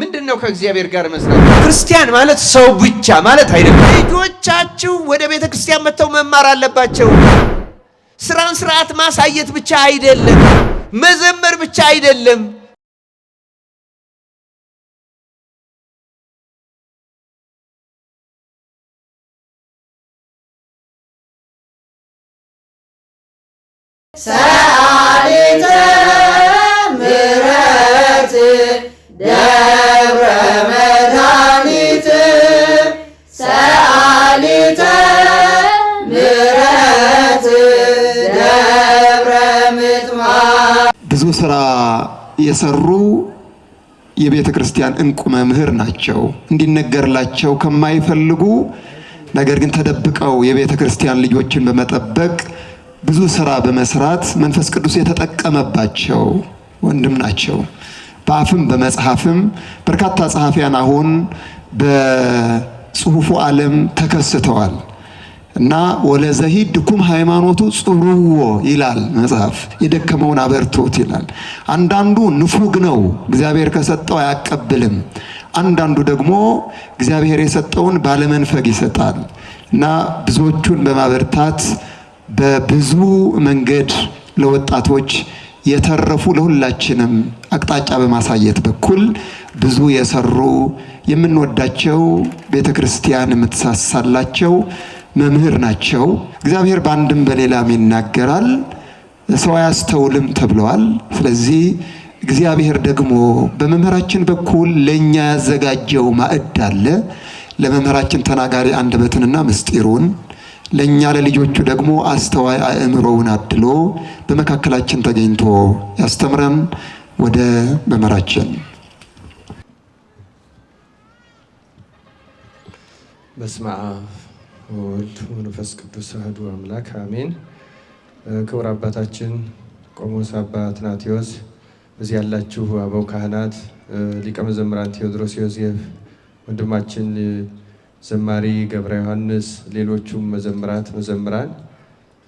ምንድነው ከእግዚአብሔር ጋር መስራት? ክርስቲያን ማለት ሰው ብቻ ማለት አይደለም። ልጆቻችሁ ወደ ቤተ ክርስቲያን መጥተው መማር አለባቸው። ስራን ስርዓት ማሳየት ብቻ አይደለም፣ መዘመር ብቻ አይደለም። ሰላም ብዙ ስራ የሰሩ የቤተ ክርስቲያን እንቁ መምህር ናቸው። እንዲነገርላቸው ከማይፈልጉ ነገር ግን ተደብቀው የቤተ ክርስቲያን ልጆችን በመጠበቅ ብዙ ስራ በመስራት መንፈስ ቅዱስ የተጠቀመባቸው ወንድም ናቸው። በአፍም በመጽሐፍም በርካታ ጸሐፊያን አሁን በጽሁፉ ዓለም ተከስተዋል። እና ዘሂድ ኩም ሃይማኖቱ ጽሩዎ ይላል መጽሐፍ። የደከመውን አበርቶት ይላል። አንዳንዱ ንፉግ ነው፣ እግዚአብሔር ከሰጠው አያቀብልም። አንዳንዱ ደግሞ እግዚአብሔር የሰጠውን ባለመንፈግ ይሰጣል እና ብዙዎቹን በማበርታት በብዙ መንገድ ለወጣቶች የተረፉ ለሁላችንም አቅጣጫ በማሳየት በኩል ብዙ የሰሩ የምንወዳቸው ቤተ ክርስቲያን የምትሳሳላቸው መምህር ናቸው። እግዚአብሔር በአንድም በሌላም ይናገራል፣ ሰው አያስተውልም ተብለዋል። ስለዚህ እግዚአብሔር ደግሞ በመምህራችን በኩል ለእኛ ያዘጋጀው ማዕድ አለ። ለመምህራችን ተናጋሪ አንደበትንና ምስጢሩን ለእኛ ለልጆቹ ደግሞ አስተዋይ አእምሮውን አድሎ በመካከላችን ተገኝቶ ያስተምረን። ወደ መምህራችን በስመ አብ ወልድ መንፈስ ቅዱስ አህዱ አምላክ አሜን። ክቡር አባታችን ቆሞስ አባ ትናቴዎስ፣ እዚህ ያላችሁ አበው ካህናት፣ ሊቀ መዘምራን ቴዎድሮስ ዮሴፍ፣ ወንድማችን ዘማሪ ገብረ ዮሐንስ፣ ሌሎቹም መዘምራት መዘምራን፣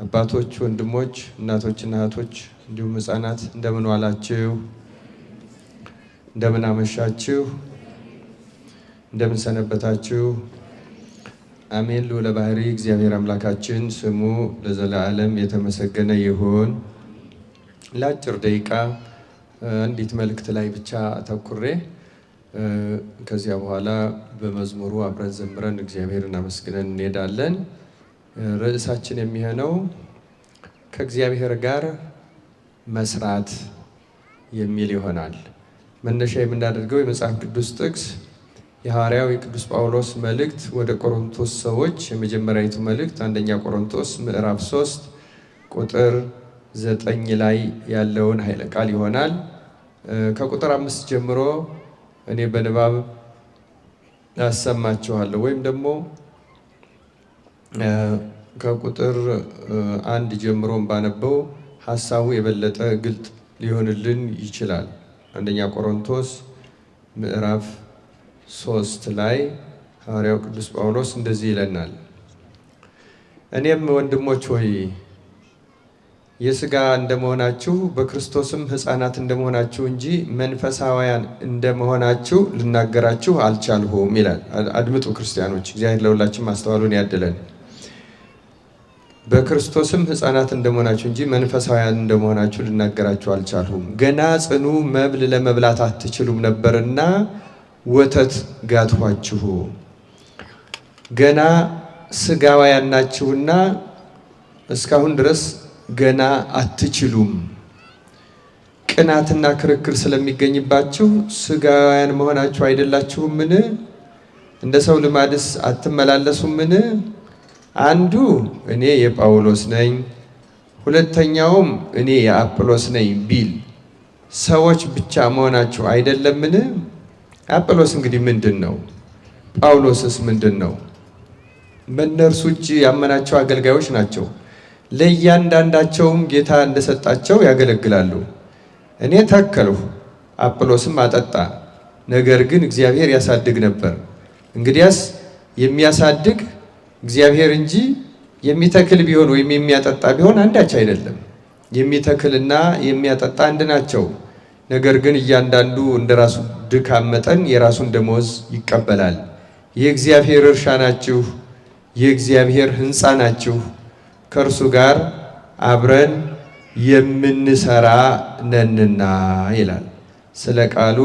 አባቶች፣ ወንድሞች፣ እናቶችና እህቶች እንዲሁም ህፃናት እንደምን ዋላችሁ? እንደምን አመሻችሁ? እንደምን ሰነበታችሁ? አሜን ሎለ ባህሪ እግዚአብሔር አምላካችን ስሙ ለዘላለም የተመሰገነ ይሁን። ለአጭር ደቂቃ አንዲት መልእክት ላይ ብቻ አተኩሬ ከዚያ በኋላ በመዝሙሩ አብረን ዘምረን እግዚአብሔር አመስግነን እንሄዳለን። ርዕሳችን የሚሆነው ከእግዚአብሔር ጋር መስራት የሚል ይሆናል። መነሻ የምናደርገው የመጽሐፍ ቅዱስ ጥቅስ የሐዋርያው የቅዱስ ጳውሎስ መልእክት ወደ ቆሮንቶስ ሰዎች የመጀመሪያዊቱ መልእክት አንደኛ ቆሮንቶስ ምዕራፍ 3 ቁጥር ዘጠኝ ላይ ያለውን ኃይለ ቃል ይሆናል። ከቁጥር አምስት ጀምሮ እኔ በንባብ ያሰማችኋለሁ ወይም ደግሞ ከቁጥር አንድ ጀምሮ ባነበው ሀሳቡ የበለጠ ግልጥ ሊሆንልን ይችላል። አንደኛ ቆሮንቶስ ምዕራፍ ሶስት ላይ ሐዋርያው ቅዱስ ጳውሎስ እንደዚህ ይለናል። እኔም ወንድሞች ሆይ የሥጋ እንደመሆናችሁ በክርስቶስም ሕፃናት እንደመሆናችሁ እንጂ መንፈሳውያን እንደመሆናችሁ ልናገራችሁ አልቻልሁም ይላል። አድምጡ ክርስቲያኖች፣ እግዚአብሔር ለሁላችን ማስተዋሉን ያድለን። በክርስቶስም ሕፃናት እንደመሆናችሁ እንጂ መንፈሳውያን እንደመሆናችሁ ልናገራችሁ አልቻልሁም። ገና ጽኑ መብል ለመብላት አትችሉም ነበርና ወተት ጋትኋችሁ ገና ስጋውያን ናችሁና እስካሁን ድረስ ገና አትችሉም። ቅናትና ክርክር ስለሚገኝባችሁ ሥጋውያን መሆናችሁ አይደላችሁምን? እንደ ሰው ልማድስ አትመላለሱምን? አንዱ እኔ የጳውሎስ ነኝ፣ ሁለተኛውም እኔ የአጵሎስ ነኝ ቢል ሰዎች ብቻ መሆናችሁ አይደለምን? አጵሎስ እንግዲህ ምንድን ነው? ጳውሎስስ ምንድን ነው? በእነርሱ እጅ ያመናቸው አገልጋዮች ናቸው። ለእያንዳንዳቸውም ጌታ እንደሰጣቸው ያገለግላሉ። እኔ ተከልሁ፣ አጵሎስም አጠጣ፣ ነገር ግን እግዚአብሔር ያሳድግ ነበር። እንግዲያስ የሚያሳድግ እግዚአብሔር እንጂ የሚተክል ቢሆን ወይም የሚያጠጣ ቢሆን አንዳች አይደለም። የሚተክልና የሚያጠጣ አንድ ናቸው። ነገር ግን እያንዳንዱ እንደ ራሱ ድካም መጠን የራሱን ደመወዝ ይቀበላል። የእግዚአብሔር እርሻ ናችሁ፣ የእግዚአብሔር ሕንፃ ናችሁ፣ ከእርሱ ጋር አብረን የምንሰራ ነንና ይላል። ስለ ቃሉ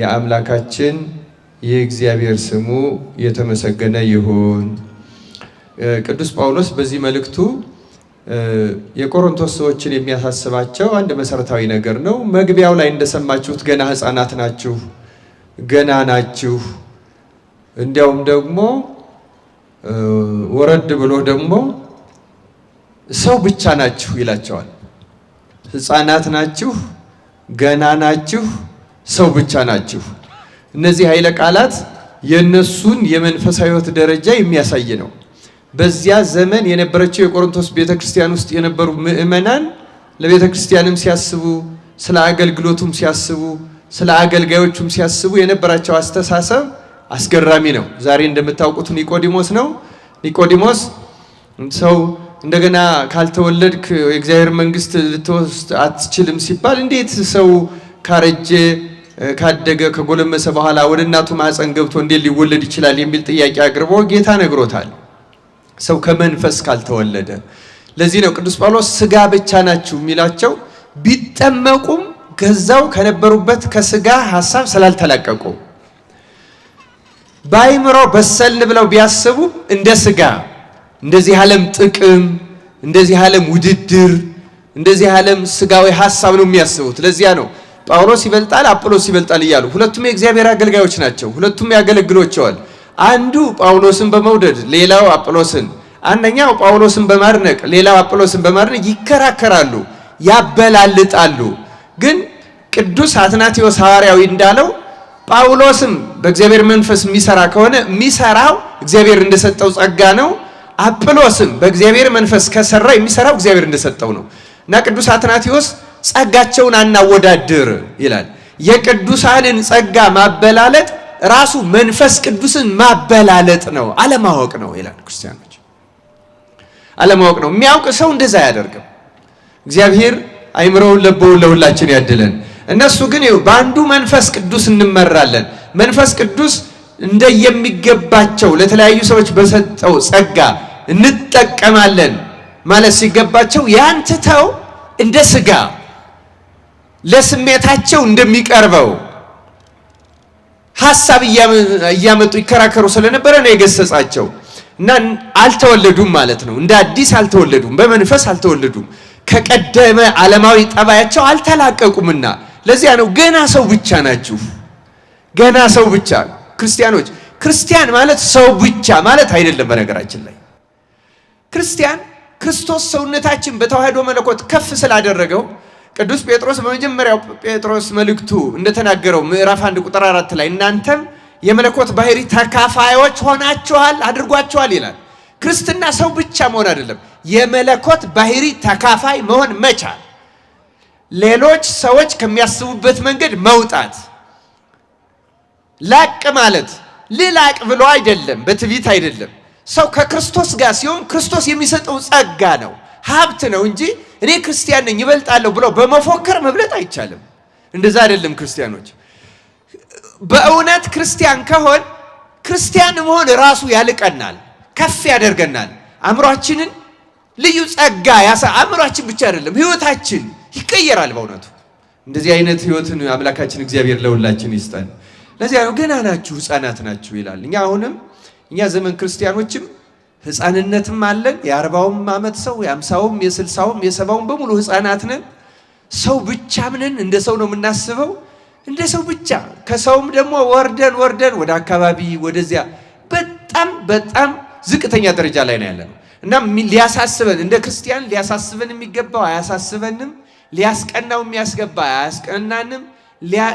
የአምላካችን የእግዚአብሔር ስሙ የተመሰገነ ይሁን። ቅዱስ ጳውሎስ በዚህ መልእክቱ የቆሮንቶስ ሰዎችን የሚያሳስባቸው አንድ መሰረታዊ ነገር ነው። መግቢያው ላይ እንደሰማችሁት ገና ሕፃናት ናችሁ፣ ገና ናችሁ። እንዲያውም ደግሞ ወረድ ብሎ ደግሞ ሰው ብቻ ናችሁ ይላቸዋል። ሕፃናት ናችሁ፣ ገና ናችሁ፣ ሰው ብቻ ናችሁ። እነዚህ ኃይለ ቃላት የእነሱን የመንፈሳዊ ሕይወት ደረጃ የሚያሳይ ነው። በዚያ ዘመን የነበረችው የቆሮንቶስ ቤተ ክርስቲያን ውስጥ የነበሩ ምእመናን ለቤተ ክርስቲያንም ሲያስቡ ስለ አገልግሎቱም ሲያስቡ ስለ አገልጋዮቹም ሲያስቡ የነበራቸው አስተሳሰብ አስገራሚ ነው። ዛሬ እንደምታውቁት ኒቆዲሞስ ነው። ኒቆዲሞስ ሰው እንደገና ካልተወለድክ የእግዚአብሔር መንግስት ልትወስድ አትችልም ሲባል እንዴት ሰው ካረጀ ካደገ ከጎለመሰ በኋላ ወደ እናቱ ማኅፀን ገብቶ እንዴት ሊወለድ ይችላል የሚል ጥያቄ አቅርቦ ጌታ ነግሮታል። ሰው ከመንፈስ ካልተወለደ። ለዚህ ነው ቅዱስ ጳውሎስ ስጋ ብቻ ናችሁ የሚላቸው ቢጠመቁም ከዛው ከነበሩበት ከስጋ ሀሳብ ስላልተላቀቁ በአይምሮ በሰልን ብለው ቢያስቡ እንደ ስጋ እንደዚህ ዓለም ጥቅም፣ እንደዚህ ዓለም ውድድር፣ እንደዚህ ዓለም ስጋዊ ሀሳብ ነው የሚያስቡት። ለዚያ ነው ጳውሎስ ይበልጣል፣ አጵሎስ ይበልጣል እያሉ ሁለቱም የእግዚአብሔር አገልጋዮች ናቸው። ሁለቱም ያገለግሏቸዋል። አንዱ ጳውሎስን በመውደድ ሌላው አጵሎስን፣ አንደኛው ጳውሎስን በማድነቅ ሌላው አጵሎስን በማድነቅ ይከራከራሉ፣ ያበላልጣሉ። ግን ቅዱስ አትናቴዎስ ሐዋርያዊ እንዳለው ጳውሎስም በእግዚአብሔር መንፈስ የሚሰራ ከሆነ የሚሰራው እግዚአብሔር እንደሰጠው ጸጋ ነው። አጵሎስም በእግዚአብሔር መንፈስ ከሰራ የሚሰራው እግዚአብሔር እንደሰጠው ነው እና ቅዱስ አትናቴዎስ ጸጋቸውን አናወዳድር ይላል። የቅዱሳንን ጸጋ ማበላለጥ ራሱ መንፈስ ቅዱስን ማበላለጥ ነው፣ አለማወቅ ነው ይላል። ክርስቲያኖች አለማወቅ ነው። የሚያውቅ ሰው እንደዛ አያደርግም። እግዚአብሔር አይምረውን ለበውን ለሁላችን ያድለን። እነሱ ግን በአንዱ መንፈስ ቅዱስ እንመራለን። መንፈስ ቅዱስ እንደየሚገባቸው ለተለያዩ ሰዎች በሰጠው ጸጋ እንጠቀማለን ማለት ሲገባቸው ያን ትተው እንደ ስጋ ለስሜታቸው እንደሚቀርበው ሀሳብ እያመጡ ይከራከሩ ስለነበረ ነው የገሰጻቸው። እና አልተወለዱም ማለት ነው። እንደ አዲስ አልተወለዱም፣ በመንፈስ አልተወለዱም። ከቀደመ ዓለማዊ ጠባያቸው አልተላቀቁምና ለዚያ ነው ገና ሰው ብቻ ናችሁ። ገና ሰው ብቻ ክርስቲያኖች። ክርስቲያን ማለት ሰው ብቻ ማለት አይደለም። በነገራችን ላይ ክርስቲያን ክርስቶስ ሰውነታችን በተዋህዶ መለኮት ከፍ ስላደረገው ቅዱስ ጴጥሮስ በመጀመሪያው ጴጥሮስ መልእክቱ እንደተናገረው ምዕራፍ አንድ ቁጥር አራት ላይ እናንተም የመለኮት ባህሪ ተካፋዮች ሆናችኋል አድርጓችኋል ይላል። ክርስትና ሰው ብቻ መሆን አይደለም፣ የመለኮት ባህሪ ተካፋይ መሆን መቻል፣ ሌሎች ሰዎች ከሚያስቡበት መንገድ መውጣት፣ ላቅ ማለት ልላቅ ብሎ አይደለም፣ በትዕቢት አይደለም። ሰው ከክርስቶስ ጋር ሲሆን ክርስቶስ የሚሰጠው ጸጋ ነው፣ ሀብት ነው እንጂ እኔ ክርስቲያን ነኝ ይበልጣለሁ ብሎ በመፎከር መብለጥ አይቻልም። እንደዛ አይደለም ክርስቲያኖች። በእውነት ክርስቲያን ከሆን ክርስቲያን መሆን ራሱ ያልቀናል፣ ከፍ ያደርገናል። አእምሯችንን ልዩ ጸጋ ያሳ አእምሯችን ብቻ አይደለም ህይወታችን ይቀየራል። በእውነቱ እንደዚህ አይነት ህይወትን አምላካችን እግዚአብሔር ለሁላችን ይስጠን። ለዚያ ነው ገና ናችሁ፣ ህፃናት ናችሁ ይላል። እኛ አሁንም እኛ ዘመን ክርስቲያኖችም ህፃንነትም አለን። የአርባውም ዓመት ሰው የአምሳውም የስልሳውም የሰባውም በሙሉ ህፃናት ነን። ሰው ብቻ ምንን እንደ ሰው ነው የምናስበው፣ እንደ ሰው ብቻ። ከሰውም ደግሞ ወርደን ወርደን ወደ አካባቢ ወደዚያ በጣም በጣም ዝቅተኛ ደረጃ ላይ ነው ያለነው እና ሊያሳስበን እንደ ክርስቲያን ሊያሳስበን የሚገባው አያሳስበንም፣ ሊያስቀናው የሚያስገባ አያስቀናንም፣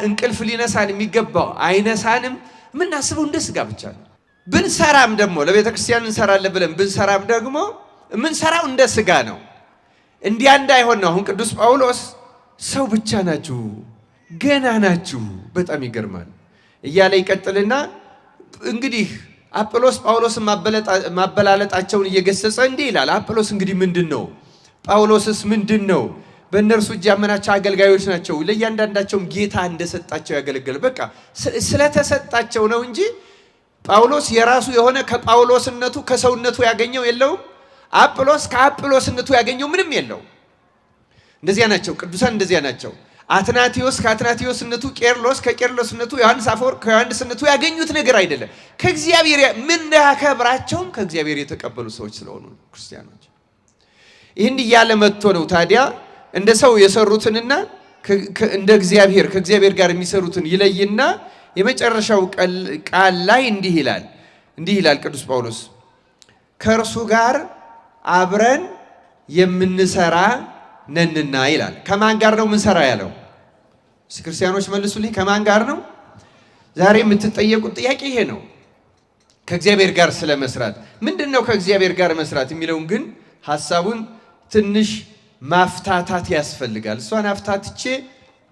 እንቅልፍ ሊነሳን የሚገባው አይነሳንም። የምናስበው እንደ ስጋ ብቻ ነው። ብንሰራም ደግሞ ለቤተ ክርስቲያን እንሰራለን ብለን ብንሰራም ደግሞ የምንሰራው እንደ ስጋ ነው። እንዲያ እንዳይሆን ነው። አሁን ቅዱስ ጳውሎስ ሰው ብቻ ናችሁ፣ ገና ናችሁ፣ በጣም ይገርማል እያለ ይቀጥልና እንግዲህ አጵሎስ ጳውሎስን ማበላለጣቸውን እየገሰጸ እንዲህ ይላል። አጵሎስ እንግዲህ ምንድን ነው? ጳውሎስስ ምንድን ነው? በእነርሱ እጅ ያመናቸው አገልጋዮች ናቸው። ለእያንዳንዳቸውም ጌታ እንደሰጣቸው ያገለግል። በቃ ስለተሰጣቸው ነው እንጂ ጳውሎስ የራሱ የሆነ ከጳውሎስነቱ ከሰውነቱ ያገኘው የለውም። አጵሎስ ከአጵሎስነቱ ያገኘው ምንም የለውም። እንደዚያ ናቸው ቅዱሳን፣ እንደዚያ ናቸው። አትናቴዎስ ከአትናቴዎስነቱ፣ ቄርሎስ ከቄርሎስነቱ፣ ዮሐንስ አፈወርቅ ከዮሐንስነቱ ያገኙት ነገር አይደለም። ከእግዚአብሔር ምናከብራቸውም ከእግዚአብሔር የተቀበሉ ሰዎች ስለሆኑ ክርስቲያኖች። ይህን እያለ መጥቶ ነው ታዲያ እንደ ሰው የሰሩትንና እንደ እግዚአብሔር ከእግዚአብሔር ጋር የሚሰሩትን ይለይና የመጨረሻው ቃል ላይ እንዲህ ይላል እንዲህ ይላል ቅዱስ ጳውሎስ ከእርሱ ጋር አብረን የምንሰራ ነንና ይላል። ከማን ጋር ነው ምንሰራ ያለው? ክርስቲያኖች መልሱልኝ፣ ከማን ጋር ነው? ዛሬ የምትጠየቁት ጥያቄ ይሄ ነው። ከእግዚአብሔር ጋር ስለ መስራት ምንድን ነው ከእግዚአብሔር ጋር መስራት የሚለውን ግን ሀሳቡን ትንሽ ማፍታታት ያስፈልጋል። እሷን አፍታትቼ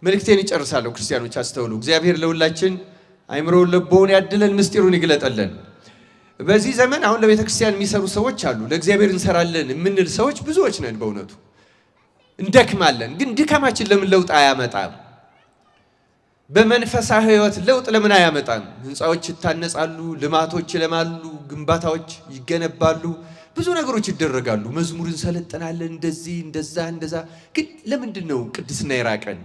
መልእክቴን ይጨርሳለሁ። ክርስቲያኖች አስተውሉ። እግዚአብሔር ለሁላችን አይምሮውን ልቦውን ያድለን፣ ምስጢሩን ይግለጠለን። በዚህ ዘመን አሁን ለቤተ ክርስቲያን የሚሰሩ ሰዎች አሉ። ለእግዚአብሔር እንሰራለን የምንል ሰዎች ብዙዎች ነን። በእውነቱ እንደክማለን፣ ግን ድካማችን ለምን ለውጥ አያመጣም? በመንፈሳ ሕይወት ለውጥ ለምን አያመጣም? ህንፃዎች ይታነጻሉ፣ ልማቶች ይለማሉ፣ ግንባታዎች ይገነባሉ፣ ብዙ ነገሮች ይደረጋሉ። መዝሙር እንሰለጥናለን፣ እንደዚህ እንደዛ እንደዛ። ግን ለምንድን ነው ቅድስና የራቀን?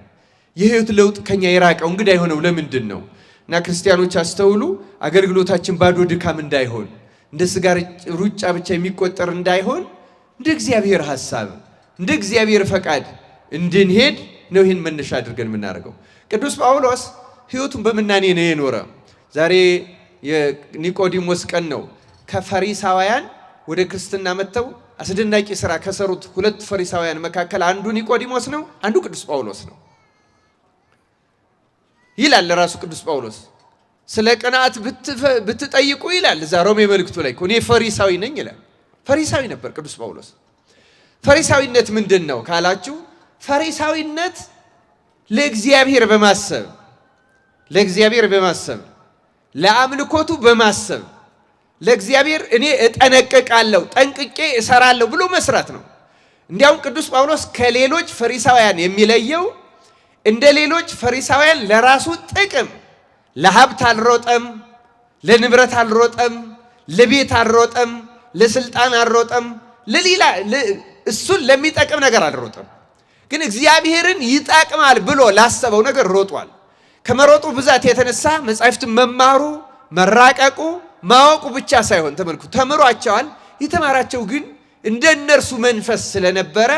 የህይወት ለውጥ ከኛ የራቀው እንግዳ የሆነው ለምንድን ነው? እና ክርስቲያኖች አስተውሉ። አገልግሎታችን ባዶ ድካም እንዳይሆን፣ እንደ ስጋ ሩጫ ብቻ የሚቆጠር እንዳይሆን፣ እንደ እግዚአብሔር ሐሳብ እንደ እግዚአብሔር ፈቃድ እንድንሄድ ነው። ይህን መነሻ አድርገን የምናደርገው ቅዱስ ጳውሎስ ሕይወቱን በምናኔ ነው የኖረ። ዛሬ የኒቆዲሞስ ቀን ነው። ከፈሪሳውያን ወደ ክርስትና መጥተው አስደናቂ ስራ ከሰሩት ሁለት ፈሪሳውያን መካከል አንዱ ኒቆዲሞስ ነው፣ አንዱ ቅዱስ ጳውሎስ ነው። ይላል ራሱ ቅዱስ ጳውሎስ። ስለ ቅንዓት ብትጠይቁ ይላል እዛ ሮሜ መልእክቱ ላይ እኔ ፈሪሳዊ ነኝ ይላል። ፈሪሳዊ ነበር ቅዱስ ጳውሎስ። ፈሪሳዊነት ምንድን ነው ካላችሁ፣ ፈሪሳዊነት ለእግዚአብሔር በማሰብ ለእግዚአብሔር በማሰብ ለአምልኮቱ በማሰብ ለእግዚአብሔር እኔ እጠነቅቃለሁ ጠንቅቄ እሰራለሁ ብሎ መስራት ነው። እንዲያውም ቅዱስ ጳውሎስ ከሌሎች ፈሪሳውያን የሚለየው እንደ ሌሎች ፈሪሳውያን ለራሱ ጥቅም ለሀብት አልሮጠም፣ ለንብረት አልሮጠም፣ ለቤት አልሮጠም፣ ለስልጣን አልሮጠም፣ ለሌላ እሱን ለሚጠቅም ነገር አልሮጠም። ግን እግዚአብሔርን ይጠቅማል ብሎ ላሰበው ነገር ሮጧል። ከመሮጡ ብዛት የተነሳ መጻሕፍትን መማሩ፣ መራቀቁ፣ ማወቁ ብቻ ሳይሆን ተመልኩ ተምሯቸዋል። የተማራቸው ግን እንደ እነርሱ መንፈስ ስለነበረ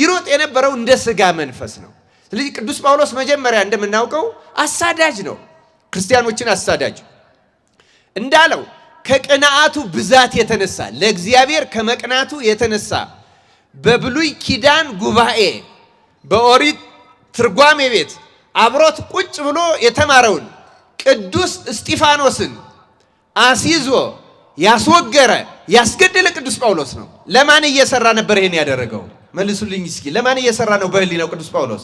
ይሮጥ የነበረው እንደ ሥጋ መንፈስ ነው። ስለዚህ ቅዱስ ጳውሎስ መጀመሪያ እንደምናውቀው አሳዳጅ ነው፣ ክርስቲያኖችን አሳዳጅ እንዳለው ከቅንዓቱ ብዛት የተነሳ ለእግዚአብሔር ከመቅናቱ የተነሳ በብሉይ ኪዳን ጉባኤ በኦሪት ትርጓሜ ቤት አብሮት ቁጭ ብሎ የተማረውን ቅዱስ እስጢፋኖስን አስይዞ ያስወገረ ያስገደለ ቅዱስ ጳውሎስ ነው። ለማን እየሰራ ነበር ይሄን ያደረገው? መልሱልኝ እስኪ። ለማን እየሰራ ነው ነው ቅዱስ ጳውሎስ?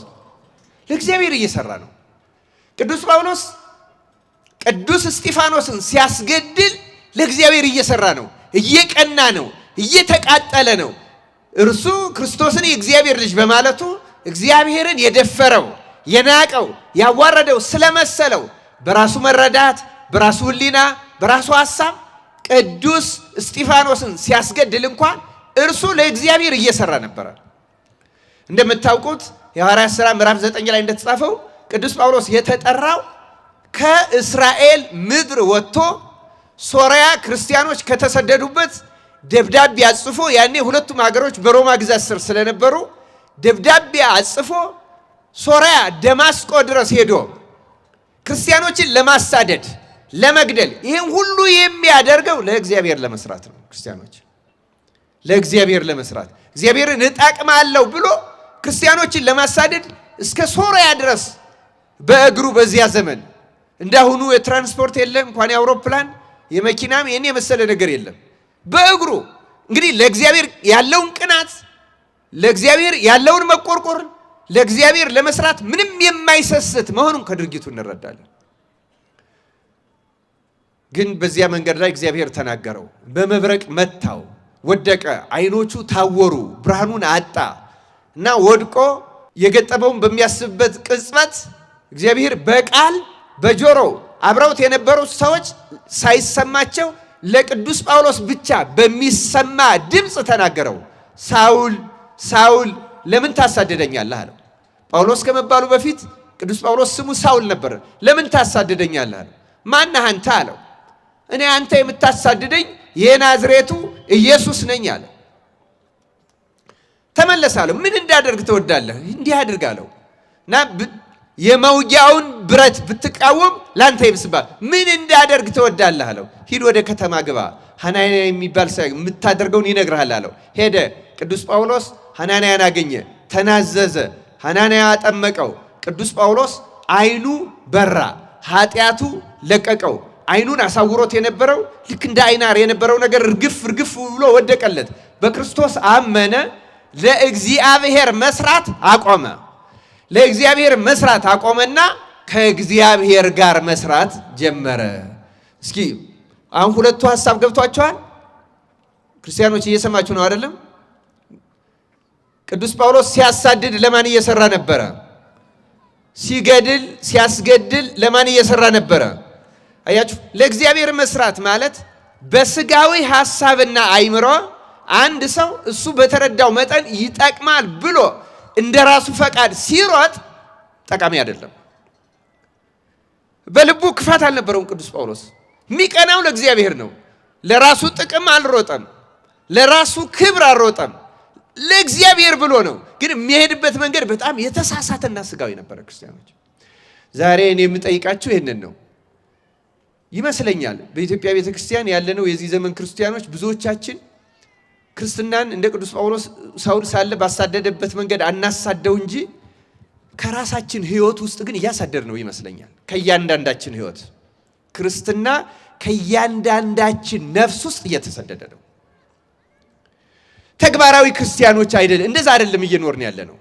ለእግዚአብሔር እየሰራ ነው። ቅዱስ ጳውሎስ ቅዱስ እስጢፋኖስን ሲያስገድል ለእግዚአብሔር እየሰራ ነው፣ እየቀና ነው፣ እየተቃጠለ ነው። እርሱ ክርስቶስን የእግዚአብሔር ልጅ በማለቱ እግዚአብሔርን የደፈረው የናቀው ያዋረደው ስለመሰለው በራሱ መረዳት፣ በራሱ ሕሊና፣ በራሱ ሐሳብ ቅዱስ እስጢፋኖስን ሲያስገድል እንኳን እርሱ ለእግዚአብሔር እየሰራ ነበረ እንደምታውቁት የሐዋርያት ሥራ ምዕራፍ ዘጠኝ ላይ እንደተጻፈው ቅዱስ ጳውሎስ የተጠራው ከእስራኤል ምድር ወጥቶ ሶሪያ ክርስቲያኖች ከተሰደዱበት ደብዳቤ አጽፎ ያኔ ሁለቱም ሀገሮች በሮማ ግዛት ስር ስለነበሩ ደብዳቤ አጽፎ ሶሪያ ደማስቆ ድረስ ሄዶ ክርስቲያኖችን ለማሳደድ ለመግደል ይህን ሁሉ የሚያደርገው ለእግዚአብሔር ለመስራት ነው። ክርስቲያኖች ለእግዚአብሔር ለመስራት እግዚአብሔርን እጠቅማለሁ ብሎ ክርስቲያኖችን ለማሳደድ እስከ ሶሪያ ድረስ በእግሩ በዚያ ዘመን እንዳሁኑ የትራንስፖርት የለም፣ እንኳን የአውሮፕላን የመኪናም ይህን የመሰለ ነገር የለም። በእግሩ እንግዲህ ለእግዚአብሔር ያለውን ቅናት፣ ለእግዚአብሔር ያለውን መቆርቆር፣ ለእግዚአብሔር ለመስራት ምንም የማይሰስት መሆኑን ከድርጊቱ እንረዳለን። ግን በዚያ መንገድ ላይ እግዚአብሔር ተናገረው፣ በመብረቅ መታው፣ ወደቀ፣ አይኖቹ ታወሩ፣ ብርሃኑን አጣ። እና ወድቆ የገጠመውን በሚያስብበት ቅጽበት እግዚአብሔር በቃል በጆሮ አብረውት የነበሩ ሰዎች ሳይሰማቸው ለቅዱስ ጳውሎስ ብቻ በሚሰማ ድምፅ ተናገረው። ሳውል ሳውል ለምን ታሳደደኛለህ አለው። ጳውሎስ ከመባሉ በፊት ቅዱስ ጳውሎስ ስሙ ሳውል ነበር። ለምን ታሳደደኛለህ አለው። ማነህ አንተ አለው። እኔ አንተ የምታሳድደኝ የናዝሬቱ ኢየሱስ ነኝ አለ። ተመለሳለሁ። ምን እንዳደርግ ትወዳለህ? እንዲህ አድርግ አለው እና የመውጊያውን ብረት ብትቃወም ላንተ ይብስባል። ምን እንዳደርግ ትወዳለህ አለው። ሂድ ወደ ከተማ ግባ፣ ሐናንያ የሚባል የምታደርገውን ይነግርሃል አለው። ሄደ። ቅዱስ ጳውሎስ ሐናንያን አገኘ፣ ተናዘዘ። ሐናንያ አጠመቀው። ቅዱስ ጳውሎስ አይኑ በራ፣ ኃጢአቱ ለቀቀው። አይኑን አሳውሮት የነበረው ልክ እንደ አይናር የነበረው ነገር እርግፍ እርግፍ ብሎ ወደቀለት። በክርስቶስ አመነ። ለእግዚአብሔር መስራት አቆመ። ለእግዚአብሔር መስራት አቆመና ከእግዚአብሔር ጋር መስራት ጀመረ። እስኪ አሁን ሁለቱ ሀሳብ ገብቷቸዋል? ክርስቲያኖች እየሰማችሁ ነው አይደለም? ቅዱስ ጳውሎስ ሲያሳድድ ለማን እየሰራ ነበረ? ሲገድል፣ ሲያስገድል ለማን እየሰራ ነበረ? አያችሁ፣ ለእግዚአብሔር መስራት ማለት በስጋዊ ሀሳብና አይምሮ አንድ ሰው እሱ በተረዳው መጠን ይጠቅማል ብሎ እንደ ራሱ ፈቃድ ሲሮጥ ጠቃሚ አይደለም። በልቡ ክፋት አልነበረውም። ቅዱስ ጳውሎስ የሚቀናው ለእግዚአብሔር ነው። ለራሱ ጥቅም አልሮጠም፣ ለራሱ ክብር አልሮጠም። ለእግዚአብሔር ብሎ ነው። ግን የሚሄድበት መንገድ በጣም የተሳሳተና ስጋዊ ነበረ። ክርስቲያኖች ዛሬ እኔ የምጠይቃችሁ ይህንን ነው ይመስለኛል። በኢትዮጵያ ቤተክርስቲያን ያለነው የዚህ ዘመን ክርስቲያኖች ብዙዎቻችን ክርስትናን እንደ ቅዱስ ጳውሎስ ሳውል ሳለ ባሳደደበት መንገድ አናሳደው እንጂ ከራሳችን ህይወት ውስጥ ግን እያሳደድ ነው ይመስለኛል። ከእያንዳንዳችን ህይወት ክርስትና ከእያንዳንዳችን ነፍስ ውስጥ እየተሰደደ ነው። ተግባራዊ ክርስቲያኖች አይደለም፣ እንደዛ አይደለም እየኖርን ያለ ነው።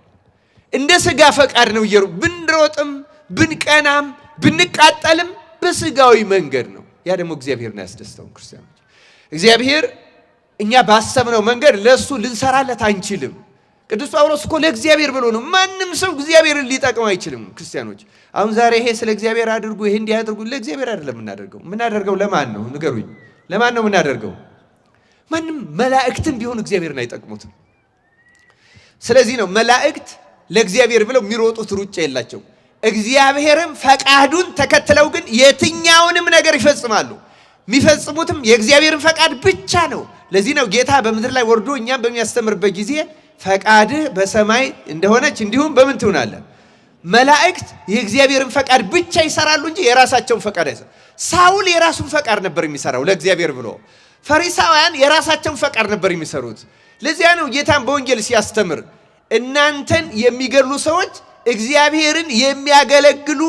እንደ ስጋ ፈቃድ ነው እየሩ ብንሮጥም፣ ብንቀናም፣ ብንቃጠልም በስጋዊ መንገድ ነው። ያ ደግሞ እግዚአብሔርን አያስደስተውም። ክርስቲያኖች እግዚአብሔር እኛ ባሰብነው መንገድ ለእሱ ልንሰራለት አንችልም። ቅዱስ ጳውሎስ እኮ ለእግዚአብሔር ብሎ ነው። ማንም ሰው እግዚአብሔርን ሊጠቅም አይችልም። ክርስቲያኖች አሁን ዛሬ ይሄ ስለ እግዚአብሔር አድርጉ፣ ይሄ እንዲህ አድርጉ፣ ለእግዚአብሔር አይደለም የምናደርገው። የምናደርገው ለማን ነው ንገሩኝ? ለማን ነው የምናደርገው? ማንም መላእክትን ቢሆን እግዚአብሔርን አይጠቅሙትም። ስለዚህ ነው መላእክት ለእግዚአብሔር ብለው የሚሮጡት ሩጫ የላቸው። እግዚአብሔርም ፈቃዱን ተከትለው ግን የትኛውንም ነገር ይፈጽማሉ። የሚፈጽሙትም የእግዚአብሔርን ፈቃድ ብቻ ነው። ለዚህ ነው ጌታ በምድር ላይ ወርዶ እኛም በሚያስተምርበት ጊዜ ፈቃድህ በሰማይ እንደሆነች እንዲሁም በምን ትሆናለህ። መላእክት የእግዚአብሔርን ፈቃድ ብቻ ይሰራሉ እንጂ የራሳቸውን ፈቃድ አይሰ ሳውል የራሱን ፈቃድ ነበር የሚሰራው ለእግዚአብሔር ብሎ፣ ፈሪሳውያን የራሳቸውን ፈቃድ ነበር የሚሰሩት። ለዚያ ነው ጌታን በወንጌል ሲያስተምር እናንተን የሚገድሉ ሰዎች እግዚአብሔርን የሚያገለግሉ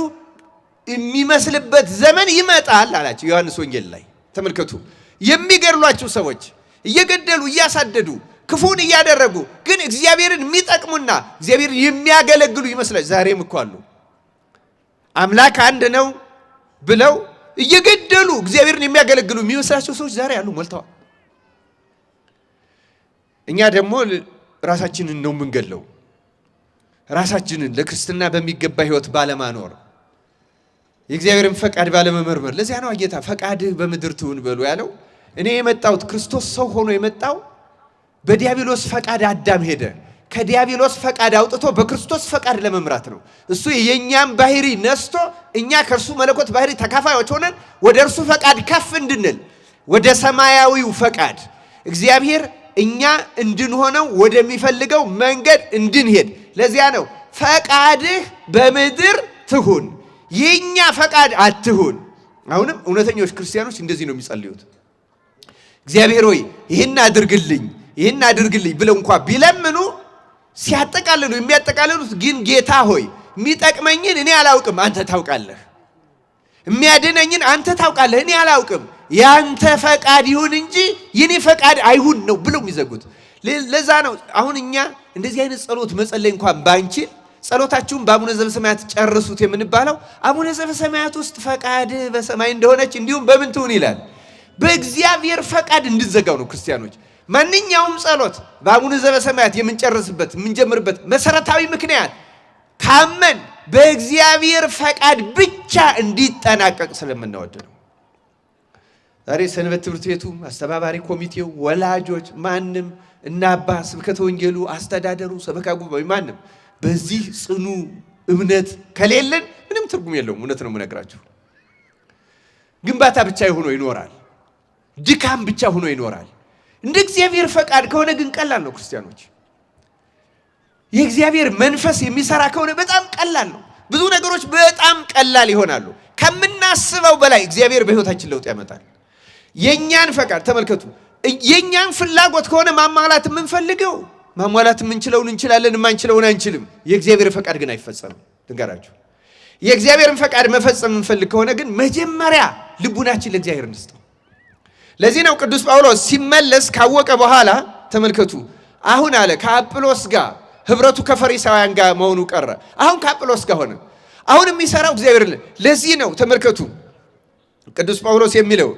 የሚመስልበት ዘመን ይመጣል አላቸው። ዮሐንስ ወንጌል ላይ ተመልከቱ። የሚገድሏችሁ ሰዎች እየገደሉ እያሳደዱ ክፉን እያደረጉ ግን እግዚአብሔርን የሚጠቅሙና እግዚአብሔርን የሚያገለግሉ ይመስላል። ዛሬም እኮ አሉ። አምላክ አንድ ነው ብለው እየገደሉ እግዚአብሔርን የሚያገለግሉ የሚመስላቸው ሰዎች ዛሬ አሉ፣ ሞልተዋል። እኛ ደግሞ ራሳችንን ነው የምንገለው። ራሳችንን ለክርስትና በሚገባ ህይወት ባለማኖር የእግዚአብሔርን ፈቃድ ባለመመርመር። ለዚያ ነው ጌታ ፈቃድህ በምድር ትሁን በሉ ያለው። እኔ የመጣሁት ክርስቶስ ሰው ሆኖ የመጣው በዲያብሎስ ፈቃድ አዳም ሄደ። ከዲያብሎስ ፈቃድ አውጥቶ በክርስቶስ ፈቃድ ለመምራት ነው። እሱ የእኛም ባህሪ ነስቶ እኛ ከእርሱ መለኮት ባህሪ ተካፋዮች ሆነን ወደ እርሱ ፈቃድ ከፍ እንድንል ወደ ሰማያዊው ፈቃድ እግዚአብሔር እኛ እንድንሆነው ወደሚፈልገው መንገድ እንድንሄድ። ለዚያ ነው ፈቃድህ በምድር ትሁን፣ የእኛ ፈቃድ አትሁን። አሁንም እውነተኞች ክርስቲያኖች እንደዚህ ነው የሚጸልዩት። እግዚአብሔር ሆይ ይህን አድርግልኝ ይህን አድርግልኝ ብለው እንኳ ቢለምኑ ሲያጠቃልሉ የሚያጠቃልሉት ግን ጌታ ሆይ የሚጠቅመኝን እኔ አላውቅም፣ አንተ ታውቃለህ። የሚያድነኝን አንተ ታውቃለህ፣ እኔ አላውቅም። ያንተ ፈቃድ ይሁን እንጂ የኔ ፈቃድ አይሁን ነው ብለው የሚዘጉት። ለዛ ነው አሁን እኛ እንደዚህ አይነት ጸሎት መጸለይ እንኳን ባንችል ጸሎታችሁን በአቡነ ዘበሰማያት ጨርሱት የምንባለው አቡነ ዘበሰማያት ውስጥ ፈቃድ በሰማይ እንደሆነች እንዲሁም በምን ትሁን ይላል በእግዚአብሔር ፈቃድ እንድዘጋው ነው። ክርስቲያኖች ማንኛውም ጸሎት በአቡነ ዘበሰማያት የምንጨርስበት የምንጀምርበት መሰረታዊ ምክንያት ካመን በእግዚአብሔር ፈቃድ ብቻ እንዲጠናቀቅ ስለምናወድ ነው። ዛሬ ሰንበት ትምህርት ቤቱ፣ አስተባባሪ ኮሚቴው፣ ወላጆች፣ ማንም እናባ ስብከተ ወንጌሉ፣ አስተዳደሩ፣ ሰበካ ጉባኤ፣ ማንም በዚህ ጽኑ እምነት ከሌለን ምንም ትርጉም የለውም። እውነት ነው የምነግራችሁ። ግንባታ ብቻ የሆነው ይኖራል። ድካም ብቻ ሆኖ ይኖራል። እንደ እግዚአብሔር ፈቃድ ከሆነ ግን ቀላል ነው። ክርስቲያኖች፣ የእግዚአብሔር መንፈስ የሚሰራ ከሆነ በጣም ቀላል ነው። ብዙ ነገሮች በጣም ቀላል ይሆናሉ። ከምናስበው በላይ እግዚአብሔር በሕይወታችን ለውጥ ያመጣል። የእኛን ፈቃድ ተመልከቱ። የእኛን ፍላጎት ከሆነ ማሟላት የምንፈልገው ማሟላት የምንችለውን እንችላለን፣ የማንችለውን አንችልም። የእግዚአብሔር ፈቃድ ግን አይፈጸምም። ትንገራችሁ የእግዚአብሔርን ፈቃድ መፈጸም የምንፈልግ ከሆነ ግን መጀመሪያ ልቡናችን ለእግዚአብሔር እንስጠው። ለዚህ ነው ቅዱስ ጳውሎስ ሲመለስ ካወቀ በኋላ ተመልከቱ፣ አሁን አለ ከአጵሎስ ጋር ህብረቱ ከፈሪሳውያን ጋር መሆኑ ቀረ። አሁን ከአጵሎስ ጋር ሆነ። አሁን የሚሰራው እግዚአብሔር። ለዚህ ነው ተመልከቱ፣ ቅዱስ ጳውሎስ የሚለው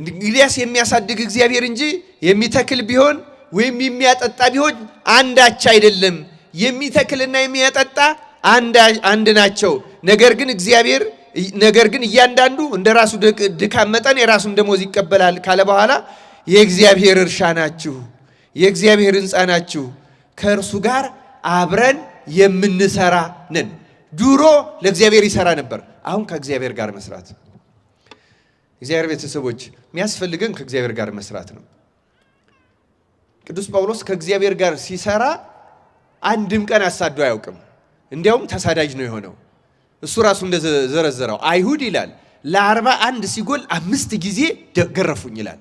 እንግዲያስ የሚያሳድግ እግዚአብሔር እንጂ የሚተክል ቢሆን ወይም የሚያጠጣ ቢሆን አንዳች አይደለም። የሚተክልና የሚያጠጣ አንድ ናቸው። ነገር ግን እግዚአብሔር ነገር ግን እያንዳንዱ እንደ ራሱ ድካም መጠን የራሱን ደሞዝ ይቀበላል ካለ በኋላ የእግዚአብሔር እርሻ ናችሁ፣ የእግዚአብሔር ሕንፃ ናችሁ፣ ከእርሱ ጋር አብረን የምንሰራ ነን። ድሮ ለእግዚአብሔር ይሰራ ነበር። አሁን ከእግዚአብሔር ጋር መስራት እግዚአብሔር ቤተሰቦች የሚያስፈልገን ከእግዚአብሔር ጋር መስራት ነው። ቅዱስ ጳውሎስ ከእግዚአብሔር ጋር ሲሰራ አንድም ቀን አሳዶ አያውቅም። እንዲያውም ተሳዳጅ ነው የሆነው። እሱ ራሱ እንደዘረዘረው አይሁድ ይላል ለአርባ አንድ ሲጎል አምስት ጊዜ ገረፉኝ ይላል።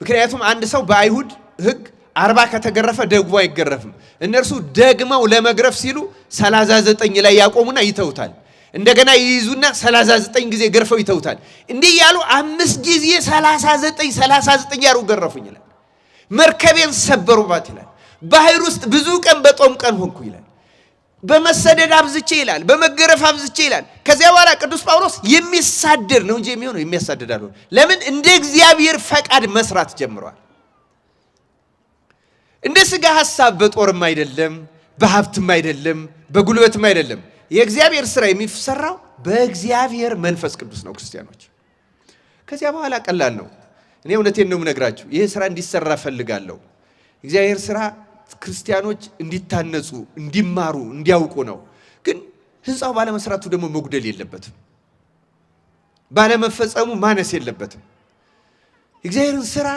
ምክንያቱም አንድ ሰው በአይሁድ ሕግ አርባ ከተገረፈ ደግሞ አይገረፍም። እነርሱ ደግመው ለመግረፍ ሲሉ 39 ላይ ያቆሙና ይተውታል። እንደገና ይይዙና 39 ጊዜ ገርፈው ይተውታል። እንዲህ እያሉ አምስት ጊዜ 39 ያሩ ገረፉኝ ይላል። መርከቤን ሰበሩባት ይላል። ባህር ውስጥ ብዙ ቀን በጦም ቀን ሆንኩ ይላል። በመሰደድ አብዝቼ ይላል፣ በመገረፍ አብዝቼ ይላል። ከዚያ በኋላ ቅዱስ ጳውሎስ የሚሳደድ ነው እንጂ የሚሆነው የሚያሳድድ አልሆነ። ለምን? እንደ እግዚአብሔር ፈቃድ መስራት ጀምሯል። እንደ ሥጋ ሐሳብ በጦርም አይደለም፣ በሀብትም አይደለም፣ በጉልበትም አይደለም። የእግዚአብሔር ስራ የሚሰራው በእግዚአብሔር መንፈስ ቅዱስ ነው። ክርስቲያኖች፣ ከዚያ በኋላ ቀላል ነው። እኔ እውነቴን ነው የምነግራችሁ። ይህ ስራ እንዲሰራ እፈልጋለሁ። እግዚአብሔር ሥራ ክርስቲያኖች እንዲታነጹ፣ እንዲማሩ፣ እንዲያውቁ ነው። ግን ህንፃው ባለመስራቱ ደግሞ መጉደል የለበትም። ባለመፈጸሙ ማነስ የለበትም። እግዚአብሔርን ስራ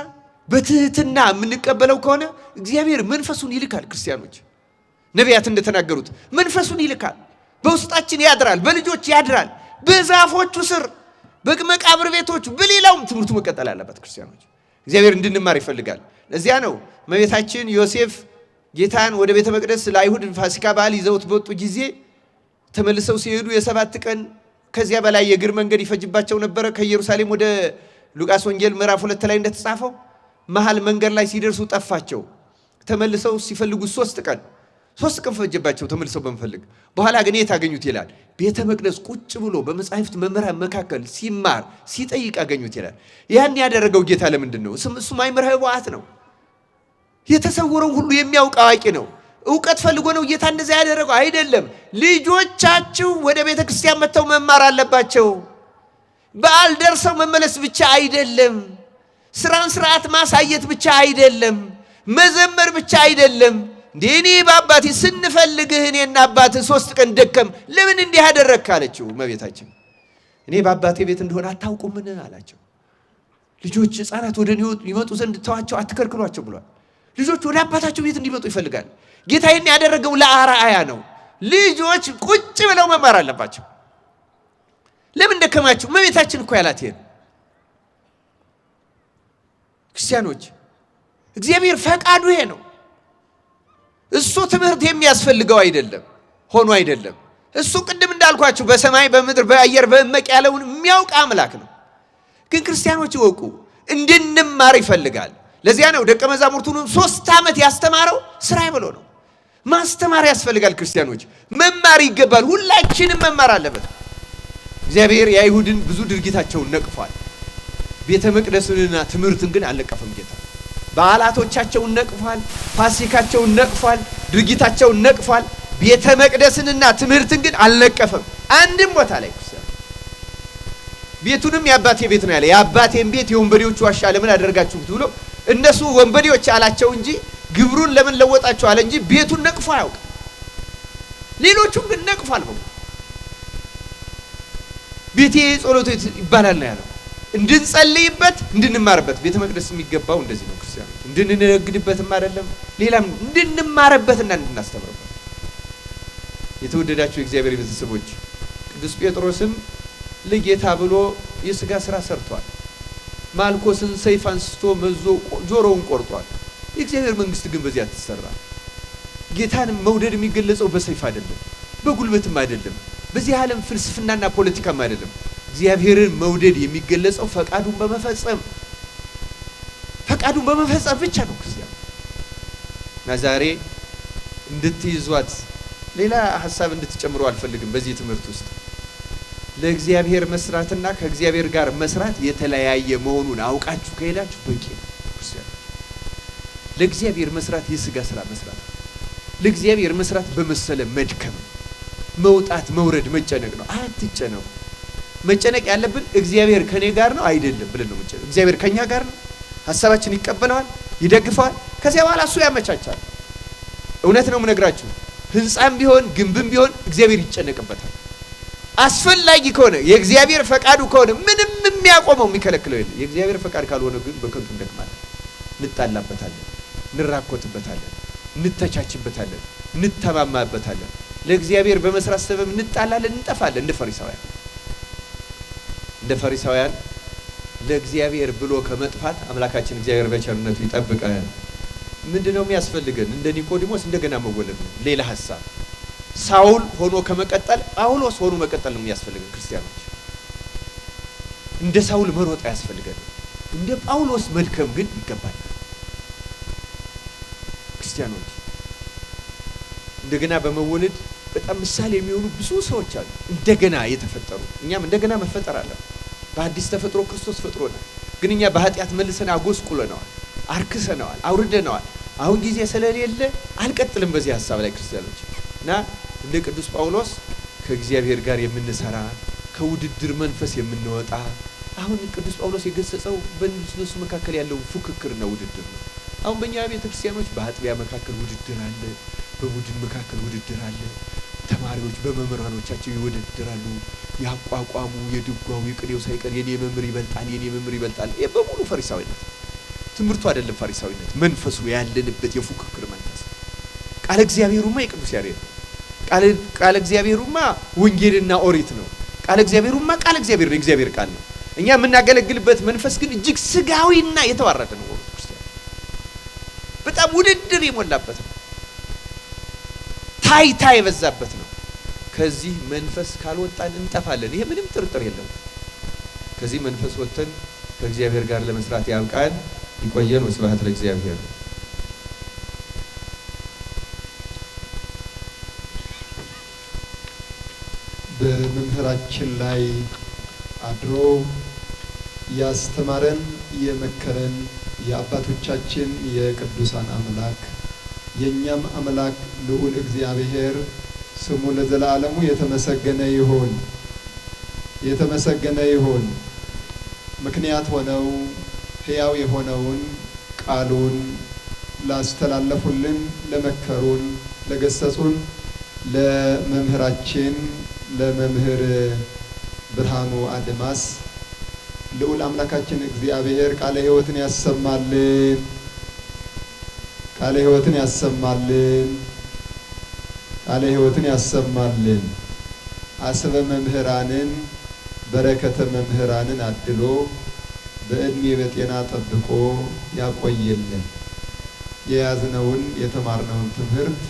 በትህትና የምንቀበለው ከሆነ እግዚአብሔር መንፈሱን ይልካል። ክርስቲያኖች ነቢያት እንደተናገሩት መንፈሱን ይልካል። በውስጣችን ያድራል፣ በልጆች ያድራል፣ በዛፎቹ ስር፣ በመቃብር ቤቶቹ፣ በሌላውም ትምህርቱ መቀጠል አለበት። ክርስቲያኖች እግዚአብሔር እንድንማር ይፈልጋል። ለዚያ ነው እመቤታችን ዮሴፍ ጌታን ወደ ቤተ መቅደስ ለአይሁድ ፋሲካ በዓል ይዘውት በወጡ ጊዜ ተመልሰው ሲሄዱ የሰባት ቀን ከዚያ በላይ የእግር መንገድ ይፈጅባቸው ነበረ። ከኢየሩሳሌም ወደ ሉቃስ ወንጌል ምዕራፍ ሁለት ላይ እንደተጻፈው መሀል መንገድ ላይ ሲደርሱ ጠፋቸው። ተመልሰው ሲፈልጉ ሶስት ቀን ሶስት ቀን ፈጀባቸው ተመልሰው በመፈልግ። በኋላ ግን የት አገኙት ይላል። ቤተ መቅደስ ቁጭ ብሎ በመጻሕፍት መምህራን መካከል ሲማር ሲጠይቅ አገኙት ይላል። ያን ያደረገው ጌታ ለምንድን ነው? እሱ ማይምር ህቡዓት ነው። የተሰወረውን ሁሉ የሚያውቅ አዋቂ ነው። እውቀት ፈልጎ ነው ጌታ እንደዚያ ያደረገው አይደለም። ልጆቻችሁ ወደ ቤተ ክርስቲያን መጥተው መማር አለባቸው። በዓል ደርሰው መመለስ ብቻ አይደለም። ስራን ስርዓት ማሳየት ብቻ አይደለም። መዘመር ብቻ አይደለም። እንዴኔ በአባቴ ስንፈልግህ እኔና አባትህ ሶስት ቀን ደከም ለምን እንዲህ አደረግክ አለችው እመቤታችን። እኔ በአባቴ ቤት እንደሆነ አታውቁምን አላቸው። ልጆች ህፃናት ወደ እኔ ይመጡ ዘንድ ተዋቸው፣ አትከልክሏቸው ብሏል። ልጆች ወደ አባታቸው ቤት እንዲመጡ ይፈልጋል። ይህን ያደረገው ለአርአያ ነው። ልጆች ቁጭ ብለው መማር አለባቸው። ለምን ደከማችሁ? እመቤታችን እኮ ያላት ይሄን። ክርስቲያኖች እግዚአብሔር ፈቃዱ ይሄ ነው። እሱ ትምህርት የሚያስፈልገው አይደለም፣ ሆኖ አይደለም። እሱ ቅድም እንዳልኳችሁ በሰማይ በምድር በአየር በእመቅ ያለውን የሚያውቅ አምላክ ነው። ግን ክርስቲያኖች ይወቁ እንድንማር ይፈልጋል። ለዚያ ነው ደቀ መዛሙርቱንም ሶስት ዓመት ያስተማረው ስራዬ ብሎ ነው። ማስተማር ያስፈልጋል። ክርስቲያኖች መማር ይገባል። ሁላችንም መማር አለበት። እግዚአብሔር የአይሁድን ብዙ ድርጊታቸውን ነቅፏል። ቤተ መቅደስንና ትምህርትን ግን አልነቀፈም ጌታ። በዓላቶቻቸውን ነቅፏል። ፋሲካቸውን ነቅፏል። ድርጊታቸውን ነቅፏል። ቤተ መቅደስንና ትምህርትን ግን አልነቀፈም አንድም ቦታ ላይ ቤቱንም የአባቴ ቤት ነው ያለ የአባቴን ቤት የወንበዴዎቹ ዋሻ ለምን አደረጋችሁት ብሎ እነሱ ወንበዴዎች አላቸው እንጂ ግብሩን ለምን ለወጣቸው አለ እንጂ ቤቱን ነቅፎ አያውቅም። ሌሎቹም ግን ነቅፎ አልፈው ቤቴ ጸሎት ይባላል ነው ያለው። እንድንጸልይበት እንድንማርበት ቤተ መቅደስ የሚገባው እንደዚህ ነው። ክርስቲያኖች እንድንነግድበትም አይደለም ሌላም እንድንማርበትና እንድናስተምርበት። የተወደዳቸው የእግዚአብሔር ቤተሰቦች ቅዱስ ጴጥሮስም ለጌታ ብሎ የስጋ ስራ ሰርቷል። ማልኮስን ሰይፍ አንስቶ መዞ ጆሮውን ቆርጧል። የእግዚአብሔር መንግስት ግን በዚያ ትሰራ ጌታን መውደድ የሚገለጸው በሰይፍ አይደለም፣ በጉልበትም አይደለም፣ በዚህ ዓለም ፍልስፍናና ፖለቲካም አይደለም። እግዚአብሔርን መውደድ የሚገለጸው ፈቃዱን በመፈጸም ፈቃዱን በመፈጸም ብቻ ነው። ክርስቲያን እና ዛሬ እንድትይዟት ሌላ ሀሳብ እንድትጨምሩ አልፈልግም በዚህ ትምህርት ውስጥ ለእግዚአብሔር መስራትና ከእግዚአብሔር ጋር መስራት የተለያየ መሆኑን አውቃችሁ ከሄዳችሁ በቂ ነው። ለእግዚአብሔር መስራት የስጋ ስራ መስራት ነው። ለእግዚአብሔር መስራት በመሰለ መድከም፣ መውጣት፣ መውረድ፣ መጨነቅ ነው። አትጨነቁ። መጨነቅ ያለብን እግዚአብሔር ከኔ ጋር ነው አይደለም ብለን ነው መጨነቅ። እግዚአብሔር ከኛ ጋር ነው። ሀሳባችን ይቀበለዋል፣ ይደግፈዋል። ከዚያ በኋላ እሱ ያመቻቻል። እውነት ነው የምነግራችሁ። ህንፃም ቢሆን ግንብም ቢሆን እግዚአብሔር ይጨነቅበታል። አስፈላጊ ከሆነ የእግዚአብሔር ፈቃዱ ከሆነ ምንም የሚያቆመው የሚከለክለው የለም። የእግዚአብሔር ፈቃድ ካልሆነ ግን በከንቱ እንደክማለን፣ እንጣላበታለን፣ እንራኮትበታለን፣ እንተቻችበታለን፣ እንተማማበታለን። ለእግዚአብሔር በመስራት ሰበብ እንጣላለን፣ እንጠፋለን። እንደ ፈሪሳውያን እንደ ፈሪሳውያን ለእግዚአብሔር ብሎ ከመጥፋት አምላካችን እግዚአብሔር በቸርነቱ ይጠብቀን። ምንድነው የሚያስፈልገን? እንደ ኒቆዲሞስ እንደገና መወለድ ነው። ሌላ ሀሳብ ሳውል ሆኖ ከመቀጠል ጳውሎስ ሆኖ መቀጠል ነው የሚያስፈልገን። ክርስቲያኖች እንደ ሳውል መሮጥ አያስፈልገንም። እንደ ጳውሎስ መድከም ግን ይገባል። ክርስቲያኖች እንደገና በመወለድ በጣም ምሳሌ የሚሆኑ ብዙ ሰዎች አሉ፣ እንደገና የተፈጠሩ። እኛም እንደገና መፈጠር አለ። በአዲስ ተፈጥሮ ክርስቶስ ፈጥሮናል። ግን እኛ በኃጢአት መልሰን አጎስቁለነዋል፣ አርክሰነዋል፣ አውርደነዋል። አሁን ጊዜ ስለሌለ አልቀጥልም በዚህ ሀሳብ ላይ ክርስቲያኖች እና እንደ ቅዱስ ጳውሎስ ከእግዚአብሔር ጋር የምንሰራ ከውድድር መንፈስ የምንወጣ አሁን ቅዱስ ጳውሎስ የገሰጸው በእነሱ መካከል ያለው ፉክክርና ውድድር ነው። አሁን በእኛ ቤተ ክርስቲያኖች በአጥቢያ መካከል ውድድር አለ፣ በቡድን መካከል ውድድር አለ። ተማሪዎች በመምህራኖቻቸው ይወዳደራሉ። ያቋቋሙ፣ የድጓው፣ የቅኔው ሳይቀር የኔ መምህር ይበልጣል፣ የኔ መምህር ይበልጣል። ይህ በሙሉ ፈሪሳዊነት ትምህርቱ አይደለም። ፈሪሳዊነት መንፈሱ ያለንበት የፉክክር ቃለ እግዚአብሔሩማ የቅዱስ ያሬድ ነው። ቃለ እግዚአብሔሩማ ወንጌልና ኦሪት ነው። ቃለ እግዚአብሔሩማ ቃለ እግዚአብሔር ነው። እግዚአብሔር ቃል ነው። እኛ የምናገለግልበት መንፈስ ግን እጅግ ስጋዊና የተዋረደ ነው። ክርስቲያን በጣም ውድድር የሞላበት ነው። ታይታ የበዛበት ነው። ከዚህ መንፈስ ካልወጣን እንጠፋለን። ይሄ ምንም ጥርጥር የለም። ከዚህ መንፈስ ወጥተን ከእግዚአብሔር ጋር ለመስራት ያብቃን። ይቆየን። ወስብሐት ለእግዚአብሔር። በመምህራችን ላይ አድሮ ያስተማረን የመከረን የአባቶቻችን የቅዱሳን አምላክ የእኛም አምላክ ልዑል እግዚአብሔር ስሙ ለዘላለሙ የተመሰገነ ይሁን የተመሰገነ ይሁን። ምክንያት ሆነው ሕያው የሆነውን ቃሉን ላስተላለፉልን፣ ለመከሩን፣ ለገሰጹን ለመምህራችን ለመምህር ብርሃኑ አድማስ ልዑል አምላካችን እግዚአብሔር ቃለ ሕይወትን ያሰማልን። ቃለ ሕይወትን ያሰማልን። ቃለ ሕይወትን ያሰማልን። አስበ መምህራንን በረከተ መምህራንን አድሎ በእድሜ በጤና ጠብቆ ያቆየልን። የያዝነውን የተማርነውን ትምህርት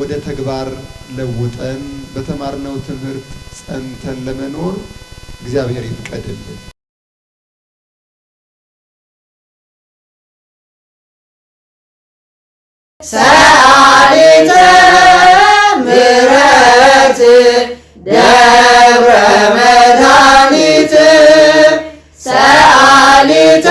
ወደ ተግባር ለውጠን በተማርነው ትምህርት ጸንተን ለመኖር እግዚአብሔር ይፍቀድልን። ሰአሊተ ደብረ መድኃኒት ሰአሊተ